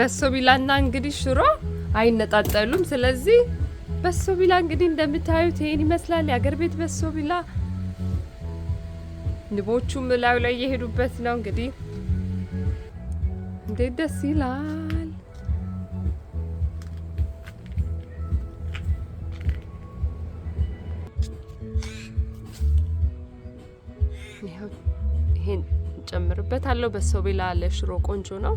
በሶ እንግዲህ ሽሮ አይነጣጠሉም። ስለዚህ በሶ ቢላ እንግዲህ እንደምታዩት ይሄን ይመስላል የአገር ቤት በሶ ቢላ። ንቦቹም ላዩ ላይ እየሄዱበት ነው። እንግዲህ እንዴት ደስ ይላል! ይሄን ጨምርበት አለው። በሶ ቢላ ለሽሮ ቆንጆ ነው።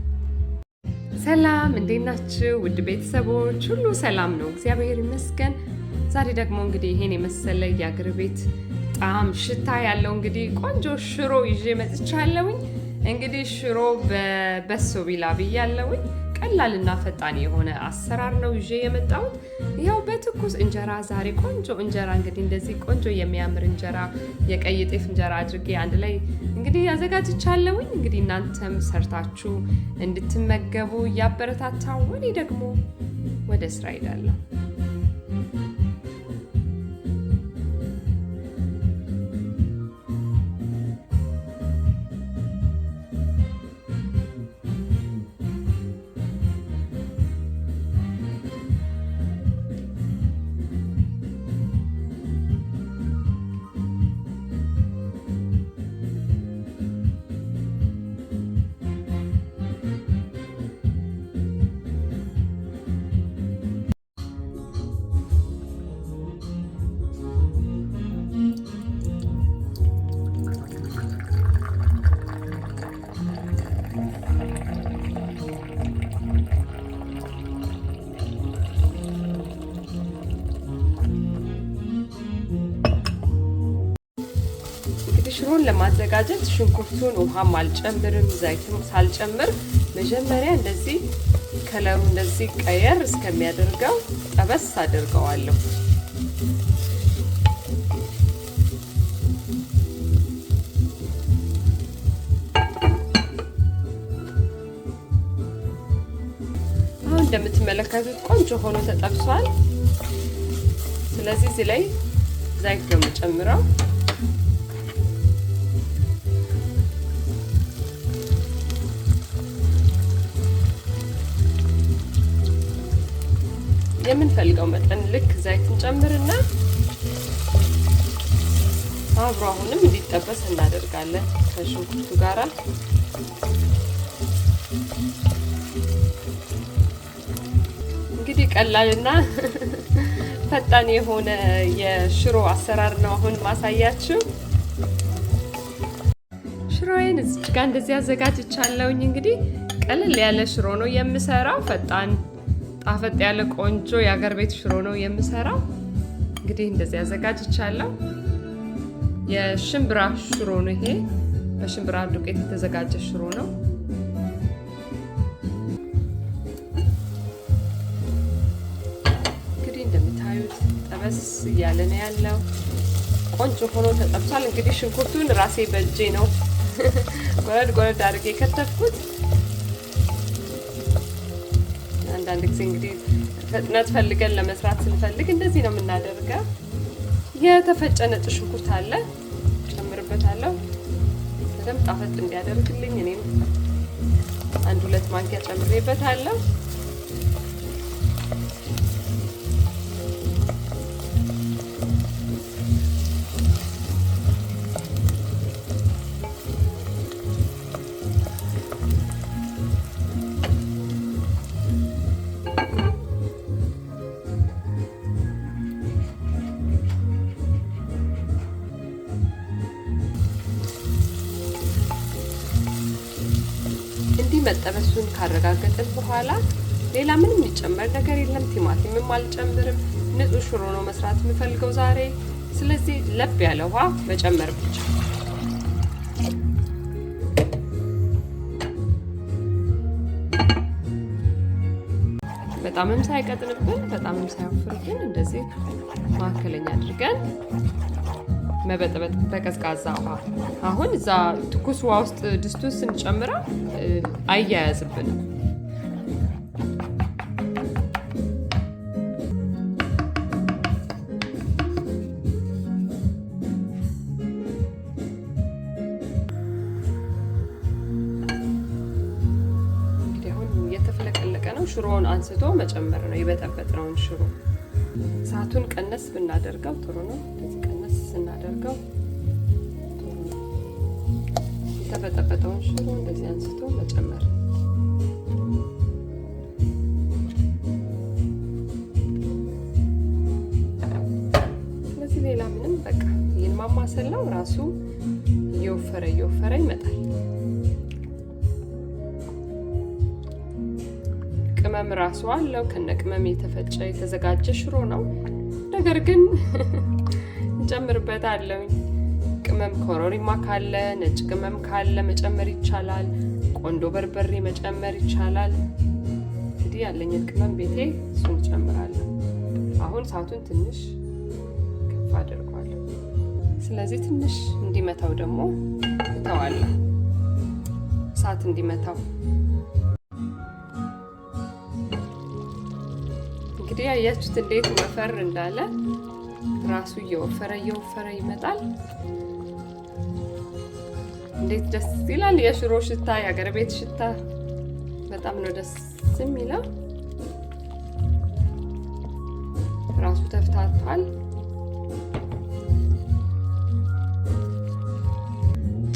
ሰላም እንዴት ናችሁ? ውድ ቤተሰቦች ሁሉ ሰላም ነው፣ እግዚአብሔር ይመስገን። ዛሬ ደግሞ እንግዲህ ይሄን የመሰለ የአገር ቤት ጣዕም ሽታ ያለው እንግዲህ ቆንጆ ሽሮ ይዤ መጥቻለሁኝ። እንግዲህ ሽሮ በበሶ ቢላ ብያለሁኝ። ቀላልና ፈጣን የሆነ አሰራር ነው ይዤ የመጣሁት። ያው በትኩስ እንጀራ ዛሬ ቆንጆ እንጀራ እንግዲህ እንደዚህ ቆንጆ የሚያምር እንጀራ የቀይ ጤፍ እንጀራ አድርጌ አንድ ላይ እንግዲህ ያዘጋጅቻለሁኝ። እንግዲህ እናንተም ሰርታችሁ እንድትመገቡ እያበረታታው እኔ ደግሞ ወደ ስራ ሄዳለሁ። ሽሮን ለማዘጋጀት ሽንኩርቱን ውሃም አልጨምርም፣ ዘይትም ሳልጨምር መጀመሪያ እንደዚህ ከለሩ እንደዚህ ቀየር እስከሚያደርገው ጠበስ አድርገዋለሁ። አሁን እንደምትመለከቱት ቆንጆ ሆኖ ተጠብሷል። ስለዚህ እዚህ ላይ ዘይት ነው የምጨምረው። የምንፈልገው መጠን ልክ ዘይትን ጨምርና አብሮ አሁንም እንዲጠበስ እናደርጋለን ከሽንኩርቱ ጋራ እንግዲህ ቀላልና ፈጣን የሆነ የሽሮ አሰራር ነው አሁን ማሳያችሁ። ሽሮዬን እዚህ ጋር እንደዚህ አዘጋጅቻለሁኝ። እንግዲህ ቀለል ያለ ሽሮ ነው የምሰራው ፈጣን ጣፈጥ ያለ ቆንጆ የአገር ቤት ሽሮ ነው የምሰራው። እንግዲህ እንደዚህ አዘጋጅቻለሁ። የሽምብራ ሽሮ ነው ይሄ። በሽምብራ ዱቄት የተዘጋጀ ሽሮ ነው። እንግዲህ እንደምታዩት ጠበስ እያለ ነው ያለው። ቆንጆ ሆኖ ተጠብሷል። እንግዲህ ሽንኩርቱን ራሴ በእጄ ነው ጎረድ ጎረድ አድርጌ የከተፍኩት። አንዳንድ ጊዜ እንግዲህ ፍጥነት ፈልገን ለመስራት ስንፈልግ እንደዚህ ነው የምናደርገው። የተፈጨ ነጭ ሽንኩርት አለ ጨምርበታለሁ። በደንብ ጣፈጥ እንዲያደርግልኝ እኔም አንድ ሁለት ማንኪያ ጨምሬበታለሁ። እንዲህ መጠበሱን ካረጋገጥን በኋላ ሌላ ምንም የሚጨመር ነገር የለም። ቲማቲምም አልጨምርም። ንጹህ ሽሮ ነው መስራት የምፈልገው ዛሬ። ስለዚህ ለብ ያለ ውሃ መጨመር ብቻ። በጣምም ሳይቀጥንብን በጣምም ሳይወፍርብን እንደዚህ መካከለኛ አድርገን መበጥበጥ በቀዝቃዛ ውሃ። አሁን እዛ ትኩስ ውሃ ውስጥ ድስቱን ስንጨምረው አያያዝብንም። ሽሮውን አንስቶ መጨመር ነው። የበጠበጥነውን ሽሮ እሳቱን ቀነስ ብናደርገው ጥሩ ነው። ስናደርገው የተበጠበጠውን ሽሮ እንደዚህ አንስቶ መጨመር ስለዚህ ሌላ ምንም በቃ ይህን ማማሰል ነው ራሱ እየወፈረ እየወፈረ ይመጣል ቅመም ራሱ አለው ከነ ቅመም የተፈጨ የተዘጋጀ ሽሮ ነው ነገር ግን ጨምርበታለሁ። ቅመም ኮረሪማ ካለ ነጭ ቅመም ካለ መጨመር ይቻላል። ቆንዶ በርበሬ መጨመር ይቻላል። እንግዲህ ያለኝን ቅመም ቤቴ እሱን ጨምራለሁ። አሁን ሳቱን ትንሽ ከፍ አድርጓለሁ። ስለዚህ ትንሽ እንዲመታው ደግሞ እተዋለሁ። እሳት እንዲመታው እንግዲህ ያያችሁት እንዴት ወፈር እንዳለ ራሱ እየወፈረ እየወፈረ ይመጣል። እንዴት ደስ ይላል! የሽሮ ሽታ፣ የአገር ቤት ሽታ በጣም ነው ደስ የሚለው። ራሱ ተፍታቷል።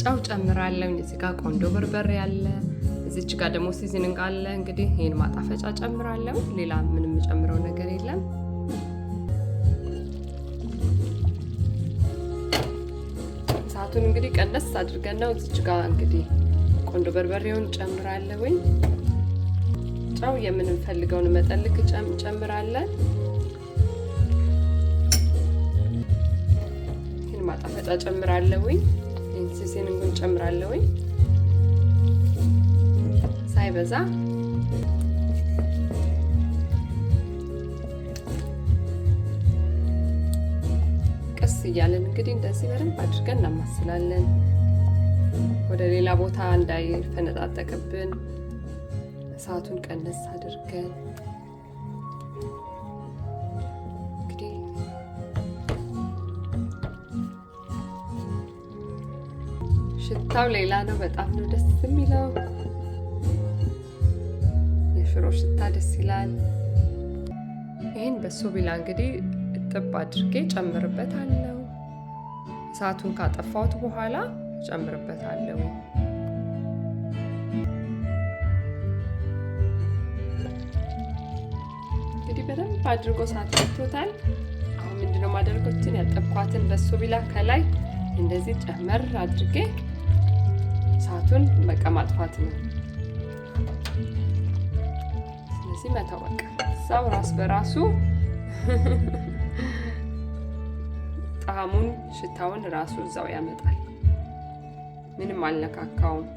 ጨው ጨምራለሁ። እዚህ ጋር ቆንጆ በርበሬ ያለ፣ እዚች ጋር ደግሞ ሲዝንንግ አለ። እንግዲህ ይህን ማጣፈጫ ጨምራለሁ። ሌላ ምንም የምጨምረው ነገር የለም። እሳቱን እንግዲህ ቀነስ አድርገን ነው እዚች ጋር እንግዲህ ቆንጆ በርበሬውን ጨምራለሁኝ። ጨው የምንፈልገውን መጠን ልክ ጨምራለን። ይህን ማጣፈጫ ጨምራለሁኝ። ሲሲንጉን ጨምራለሁኝ ሳይበዛ እያለን እንግዲህ እንደዚህ በደንብ አድርገን እናማስላለን። ወደ ሌላ ቦታ እንዳይፈነጣጠቅብን እሳቱን ቀነስ አድርገን ሽታው ሌላ ነው። በጣም ነው ደስ የሚለው። የሽሮ ሽታ ደስ ይላል። ይህን በሶ ቢላ እንግዲህ ጥብ አድርጌ ጨምርበታለሁ። እሳቱን ካጠፋሁት በኋላ ጨምርበታለሁ። እንግዲህ በደንብ አድርጎ እሳት ወጥቶታል። አሁን ምንድነው ማደርጎችን ያጠብኳትን በሶ ቢላ ከላይ እንደዚህ ጨመር አድርጌ እሳቱን በቃ ማጥፋት ነው። ስለዚህ መተው በቃ እዛው ራስ በራሱ ጣዕሙን፣ ሽታውን ራሱ እዛው ያመጣል። ምንም አልነካካውም።